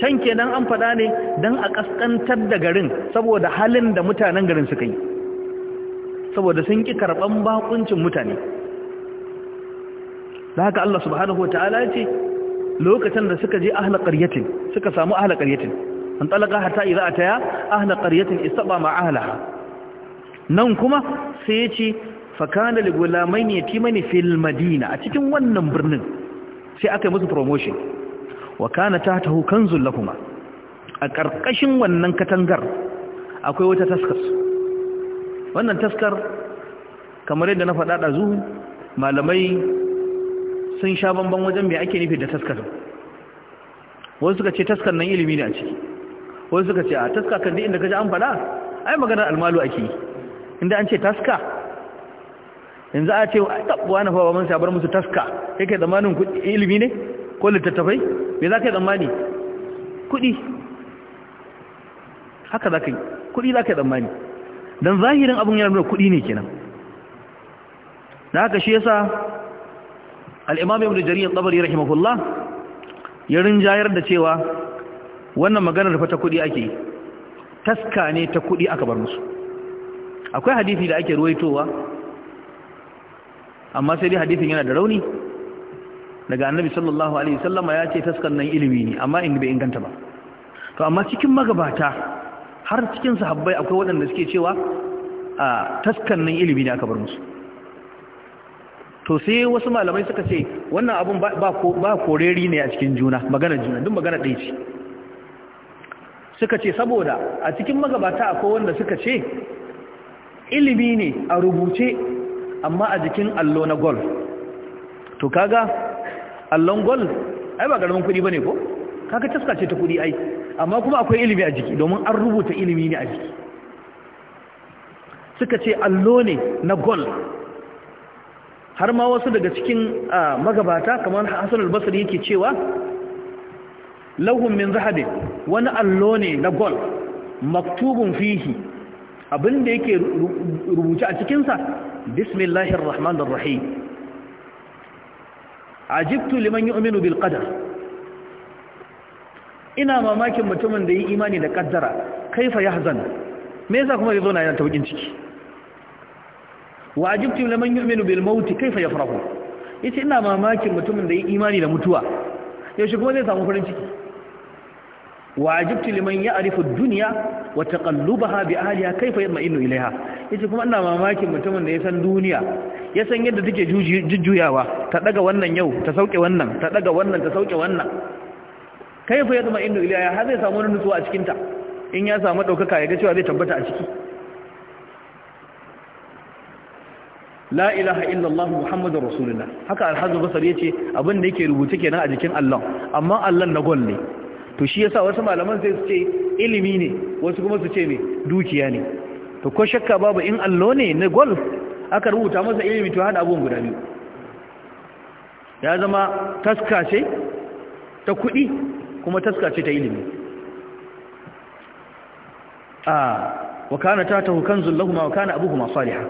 can kenan an faɗa ne don a ƙasƙantar da garin saboda halin da mutanen garin suka yi saboda sun ƙi karɓan bakuncin mutane da haka Allah subhanahu wa ta'ala ce lokacin da suka je ahla qaryatin suka samu ahla qaryatin an talaka hatta idza ataya ahla qaryatin istaba ma ahlaha nan kuma sai yace fa kana li gulamaini yatimani fil madina a cikin wannan birnin sai aka yi musu promotion wa kana tahtahu kanzul lakuma a karkashin wannan katangar akwai wata taskar wannan taskar kamar yadda na faɗa ɗazu malamai sun sha bambam wajen mai ake nufi da taskar wasu suka ce taskar nan ilimi ne a ciki wasu suka ce a taska kan duk inda kaji an faɗa ai maganar almalu ake yi inda an ce taska yanzu a ce ai tabbuwa na fawa mun sabar musu taska yake zamanin ilimi ne ko littattafai me za ka yi tsammani kuɗi haka za ka yi kuɗi za ka yi tsammani don zahirin abin yana nuna kuɗi ne kenan da haka shi yasa al'imam da jarir tsabari rahimahullah ya rinjayar da cewa wannan maganar da ta kuɗi ake yi taska ne ta kuɗi aka bar musu akwai hadithi da ake ruwaitowa amma sai dai hadithin yana da rauni daga annabi sallallahu alaihi wasallama ya ce taskan nan ilimi ne amma in bai inganta ba to amma cikin magabata har cikin sahabbai akwai waɗanda suke cewa taskan nan ilimi ne aka bar musu to sai wasu malamai suka ce wannan abun ba koreri ne a cikin juna magana juna duk magana ɗaya ce suka ce saboda a cikin magabata akwai wanda suka ce ilimi ne a rubuce amma a jikin allo na golf to kaga allon golf ai ba garman kuɗi ba ne ko kaga taska ce ta kuɗi ai amma kuma akwai ilimi a jiki domin an rubuta ilimi ne a jiki suka ce allo ne na golf har ma wasu daga cikin magabata kamar Hassan al-Basri yake cewa lahum min zahabin wani allo ne na gwal, maktubun fihi abinda yake rubuce a cikinsa bismillahir rahmanir rahim ajibtu liman yu'minu bil qadar ina mamakin mutumin da yi imani da kaddara kaifa yahzan me yasa kuma yazo na yana taukin ciki wa ajibtu liman yu'minu bil maut kaifa yafrahu yace ina mamakin mutumin da ya imani da mutuwa yaushe kuma zai samu farin ciki wa ajibtu liman ya'rifu ad-dunya wa taqallubaha bi ahliha kaifa yatma'innu ilaiha yace kuma ina mamakin mutumin da ya san duniya ya san yadda take jujjuyawa ta daga wannan yau ta sauke wannan ta daga wannan ta sauke wannan kaifa yatma'innu ilaiha har zai samu nutsuwa a cikin ta in ya samu daukaka ya ga cewa zai tabbata a ciki la ilaha illallah muhammadur rasulullah haka alhazu basar yace abin da yake rubuce kenan a jikin Allah amma Allah na gol ne to shi yasa wasu malaman sai su ce ilimi ne wasu kuma su ce me dukiya ne to ko shakka babu in Allah ne na gol aka rubuta masa ilimi to hada abubuwan guda biyu ya zama taska ce ta kuɗi kuma taska ce ta ilimi a ah, Wakana ta tatahu kanzul lahumu ma Wakana abubuwa salihah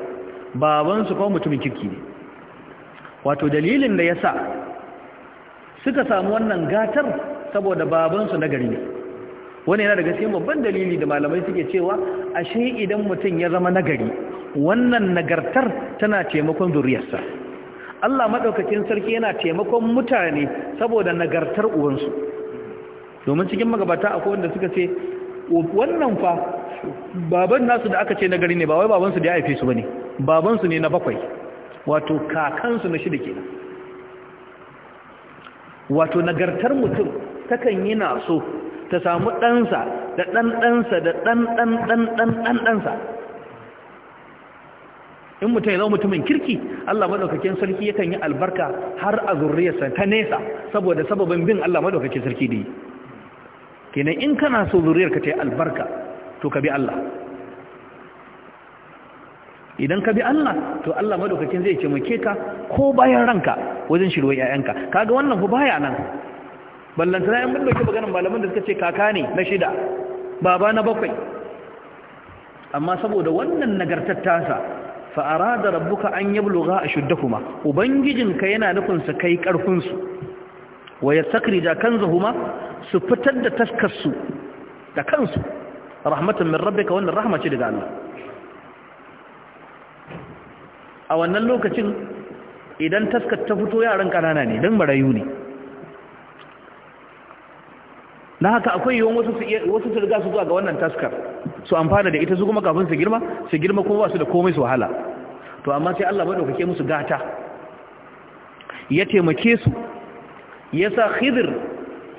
babansu ko mutumin kirki ne wato dalilin da ya sa suka samu wannan gatar saboda babansu na gari ne wani yana daga cikin babban dalili da malamai suke cewa ashe idan mutum ya zama nagari wannan nagartar tana taimakon zuriyarsa Allah madaukakin sarki yana taimakon mutane saboda nagartar uwansu domin cikin magabata akwai wanda suka ce wannan fa baban nasu da aka ce nagari ne ba wai babansu da ya haife su bane babansu ne na bakwai wato kakansu na shida kenan wato nagartar mutum takan yi na so ta samu ɗansa da ɗanɗansa da ɗanɗanɗanɗanɗansa in mutum ya zama mutumin kirki Allah maɗaukakin sarki yakan yi albarka har a zurriyarsa ta nesa saboda sababin bin Allah maɗaukakin sarki da yi kenan in kana so zurriyarka ta yi albarka to ka bi Allah idan ka bi Allah to Allah madaukakin zai taimake ka ko bayan ranka wajen shirwa ƴaƴanka kaga wannan ku baya nan ballantana mun bindauke maganar malaman da suka ce kaka ne na shida baba na bakwai amma saboda wannan nagartattasa fa arada rabbuka an yabluga ubangijin ka yana nufin su kai karfin su wa yastakrija kanzahuma su fitar da taskarsu da kansu rahmatan min rabbika wannan rahma ce daga Allah a wannan lokacin idan taskar ta fito yaran kanana ne don marayu ne na haka akwai yiwuwan wasu su riga su zuwa ga wannan taskar su amfana da ita su kuma kafin su girma su girma kuma basu su da komai su wahala to amma sai Allah maɗaukake musu gata ya taimake su ya sa khidir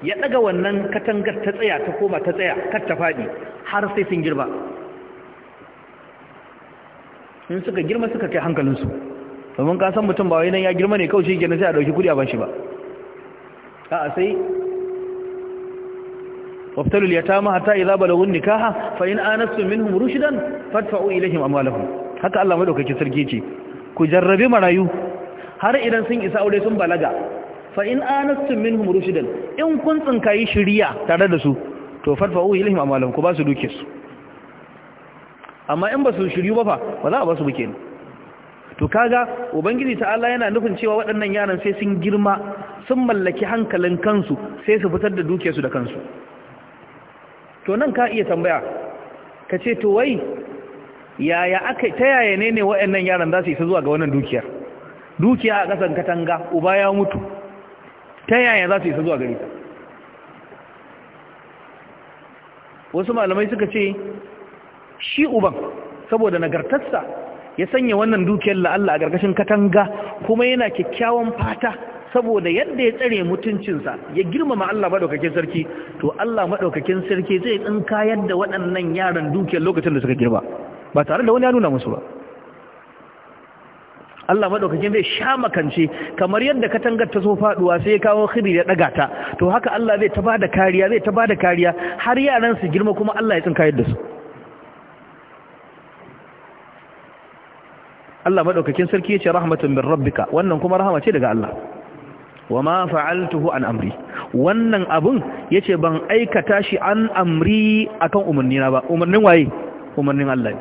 ya ɗaga wannan katangar ta tsaya ta koma ta tsaya kar ta faɗi har sai sun girma in suka girma suka kai hankalinsu domin ka san mutum ba wai nan ya girma ne kawai shi kenan sai a dauki kudi a bashi ba a'a sai waftalul yatama hatta idza balagun nikaha fa in anastu minhum rushdan fadfa'u ilayhim amwalahum haka Allah madaukaki sarki ce ku jarrabe marayu har idan sun isa aure sun balaga fa in anastum minhum rushdan in kun tsinkayi shiriya tare da su to fadfa'u ilayhim amwalahum ku ba su duke su amma in ba su shiryu ba fa ba za a ba su buke to kaga ubangiji ta Allah yana nufin cewa waɗannan yaran sai sun girma sun mallaki hankalin kansu sai su fitar da dukiyarsu da kansu to nan ka iya tambaya ka ce to wai yaya aka ta yaya ne ne waɗannan yaran za su isa zuwa ga wannan dukiyar dukiya a ƙasan katanga uba ya mutu ta yaya za su isa zuwa gari wasu malamai suka ce shi uban saboda nagartarsa ya sanya wannan dukiyar la'alla a gargashin katanga kuma yana kyakkyawan fata saboda yadda ya tsare mutuncinsa ya girmama Allah maɗaukakin sarki to Allah maɗaukakin sarki zai tsinka yadda waɗannan yaran dukiyar lokacin da suka girma. ba tare da wani ya nuna musu ba Allah maɗaukakin zai sha makance kamar yadda katangar ta so faɗuwa sai ya kawo khiri ya ɗaga ta to haka Allah zai ta bada kariya zai ta bada kariya har yaran su girma kuma Allah ya tsinka yadda su Allah maɗaukakin sarki ce rahmatun min rabbika wannan kuma rahama ce daga Allah ma fa'altuhu an amri wannan abun yace ban aikata shi an amri akan umarni na ba umarnin waye umarnin Allah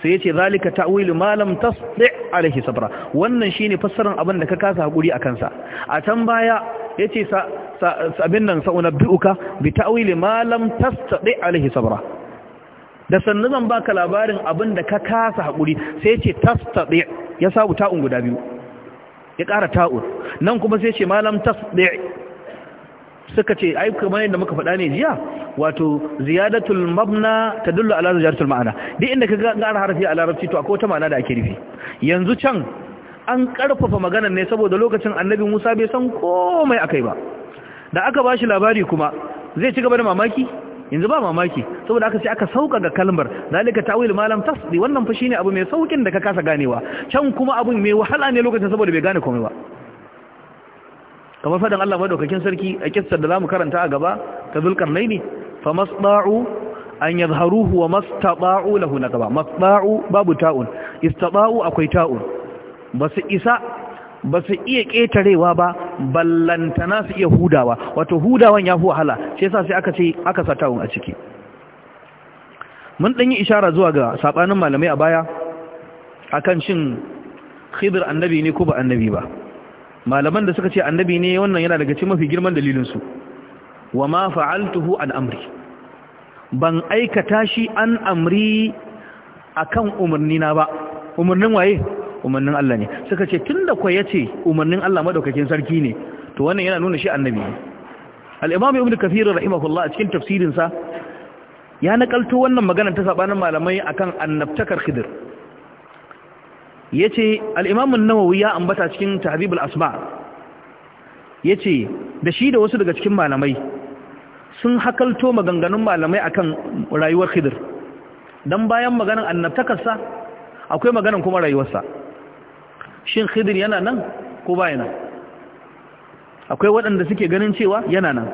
sai yace zalika ta'wilu ma lam tasdi alaihi sabra wannan shine fassaran abin da ka kasa hakuri akan sa a can baya yace sa abin nan sa'unabbiuka bi ta'wili ma lam tasdi alaihi sabra da sannu zan baka labarin abin da ka kasa haƙuri sai ce ɗaya ya sabu ta'un guda biyu ya ƙara ta'un nan kuma sai ce malam tastaɗe suka ce ai kamar yadda muka faɗa ne jiya wato ziyadatul mabna tadullu ala ziyadatul ma'ana duk inda ka ƙara harfi a larabci to akwai wata ma'ana da ake rufi yanzu can an ƙarfafa maganar ne saboda lokacin annabi Musa bai san komai akai ba da aka bashi labari kuma zai ci gaba da mamaki yanzu ba mamaki saboda aka ce aka sauka ga kalmar zalika ta'wil malam tasdi wannan fa shine abu mai saukin da ka kasa ganewa can kuma abun mai wahala ne lokacin saboda bai gane komai ba kamar fadan Allah madaukakin sarki a kissar da zamu karanta a gaba ta Fa famasda'u an yadhharuhu wa mastata'u lahu gaba. masda'u babu ta'un istata'u akwai ta'un basu isa ba su iya ƙetarewa ba ballantana su iya hudawa wato hudawan ya fi wahala shi sa sai aka ce aka sa a ciki mun ɗan yi ishara zuwa ga saɓanin malamai a baya akan shin khidir annabi ne ko ba annabi ba malaman da suka ce annabi ne wannan yana daga cikin mafi girman dalilinsu wa ma fa'altuhu an amri ban aikata shi an amri a akan umarnina ba umarnin waye umarnin Allah ne suka ce tun da ko ce umarnin Allah madaukakin sarki ne to wannan yana nuna shi annabi al-imam ibnu kathir rahimahullah a cikin tafsirin sa ya nakalto wannan magana ta sabanin malamai akan annabtakar khidir yace al-imam an-nawawi ya ambata cikin tahzib al-asma yace da shi da wasu daga cikin malamai sun hakalto maganganun malamai akan rayuwar khidir dan bayan maganan annabtakarsa akwai maganan kuma rayuwarsa shin khidir yana nan ko baya nan akwai waɗanda suke ganin cewa yana nan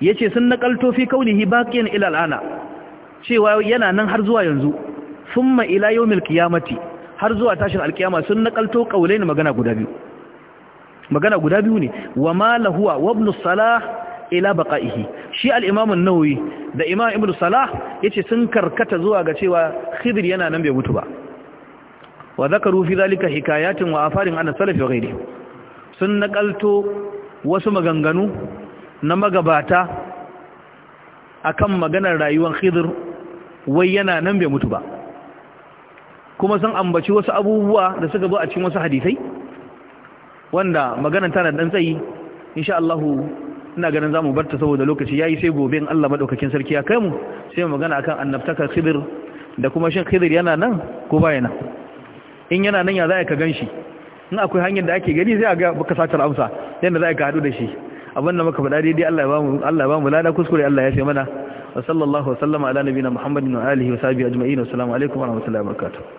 ya ce sun naƙalto fi kaunihi baƙin ilal'ana cewa yana nan har zuwa yanzu sun ma'ila yau milkiyamati har zuwa tashin alkiyama sun naƙalto ƙaunai na magana guda biyu magana guda biyu ne wa ma lahuwa wabnu salah ila baqaihi shi al-imam da imam ibn salah yace sun karkata zuwa ga cewa khidir yana nan bai mutu ba wa zakaru fi zalika hikayatin wa afarin an salaf wa ghairi sun nakalto wasu maganganu na magabata akan maganar rayuwar khidr wai yana nan bai mutu ba kuma sun ambaci wasu abubuwa da suka zo a cikin wasu hadisai wanda maganar tana dan tsayi insha Allah ina ganin zamu barta saboda lokaci yayi sai gobe in Allah madaukakin sarki ya kai mu sai magana akan annabtaka khidr da kuma shin khidr yana nan ko baya nan in yana nan ya za ka gan shi in akwai hanyar da ake gani zai ga baka satar amsa yadda za a ka haɗu da shi abin da muka faɗa daidai Allah ya ba mu lada kuskure Allah ya ce mana wa sallallahu wa sallama ala na muhammadin wa alihi wa sahbihi ajma'in wa assalamu alaikum wa rahmatullahi wa barakatuh